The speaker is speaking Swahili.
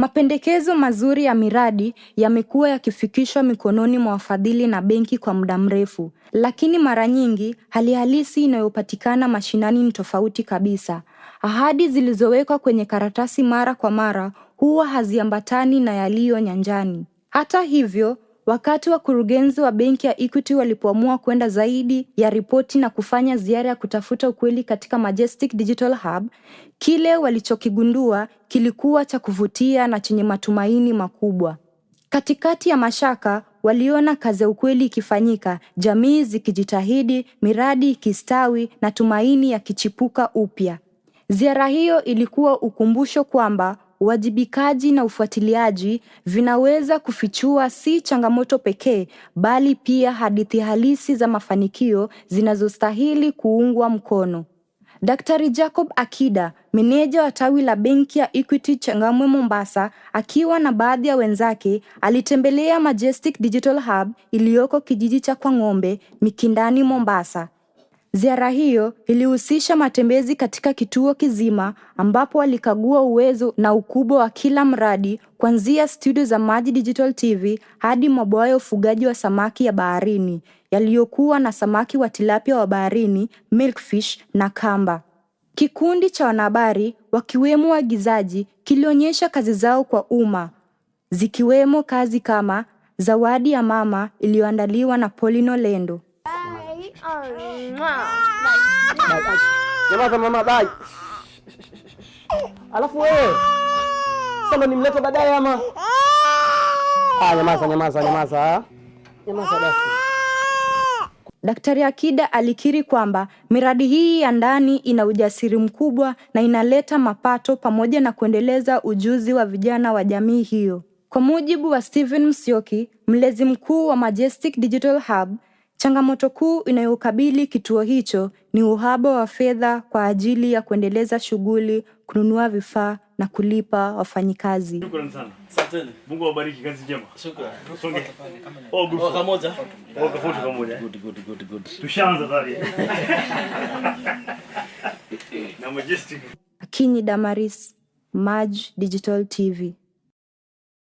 Mapendekezo mazuri ya miradi yamekuwa yakifikishwa mikononi mwa wafadhili na benki kwa muda mrefu, lakini mara nyingi hali halisi inayopatikana mashinani ni tofauti kabisa. Ahadi zilizowekwa kwenye karatasi mara kwa mara huwa haziambatani na yaliyo nyanjani. Hata hivyo, Wakati wakurugenzi wa benki ya Equity walipoamua kwenda zaidi ya ripoti na kufanya ziara ya kutafuta ukweli katika Majestic Digital Hub, kile walichokigundua kilikuwa cha kuvutia na chenye matumaini makubwa. Katikati ya mashaka, waliona kazi ya ukweli ikifanyika, jamii zikijitahidi, miradi ikistawi na tumaini yakichipuka upya. Ziara hiyo ilikuwa ukumbusho kwamba uwajibikaji na ufuatiliaji vinaweza kufichua si changamoto pekee bali pia hadithi halisi za mafanikio zinazostahili kuungwa mkono. Daktari Jacob Akida, meneja wa tawi la benki ya Equity Changamwe Mombasa, akiwa na baadhi ya wenzake, alitembelea Majestic Digital Hub iliyoko kijiji cha Kwang'ombe, Mikindani Mombasa. Ziara hiyo ilihusisha matembezi katika kituo kizima ambapo walikagua uwezo na ukubwa wa kila mradi kuanzia studio za Maji Digital TV hadi mabwawa ya ufugaji wa samaki ya baharini yaliyokuwa na samaki wa tilapia wa baharini, milkfish na kamba. Kikundi cha wanahabari wakiwemo waigizaji kilionyesha kazi zao kwa umma zikiwemo kazi kama Zawadi ya Mama iliyoandaliwa na Polino Lendo. Nyamaza mama, bye. Alafu wewe sasa nimlete baadaye ama? Ah, nyamaza nyamaza nyamaza. Nyamaza basi. Daktari Akida alikiri kwamba miradi hii ya ndani ina ujasiri mkubwa na inaleta mapato pamoja na kuendeleza ujuzi wa vijana wa jamii hiyo. Kwa mujibu wa Steven Msioki, mlezi mkuu wa Majestic Digital Hub, Changamoto kuu inayokabili kituo hicho ni uhaba wa fedha kwa ajili ya kuendeleza shughuli, kununua vifaa na kulipa wafanyikazi. Mungu awabariki, kazi njema. Akinyi oh, oh, oh, Damaris, Maj Digital TV.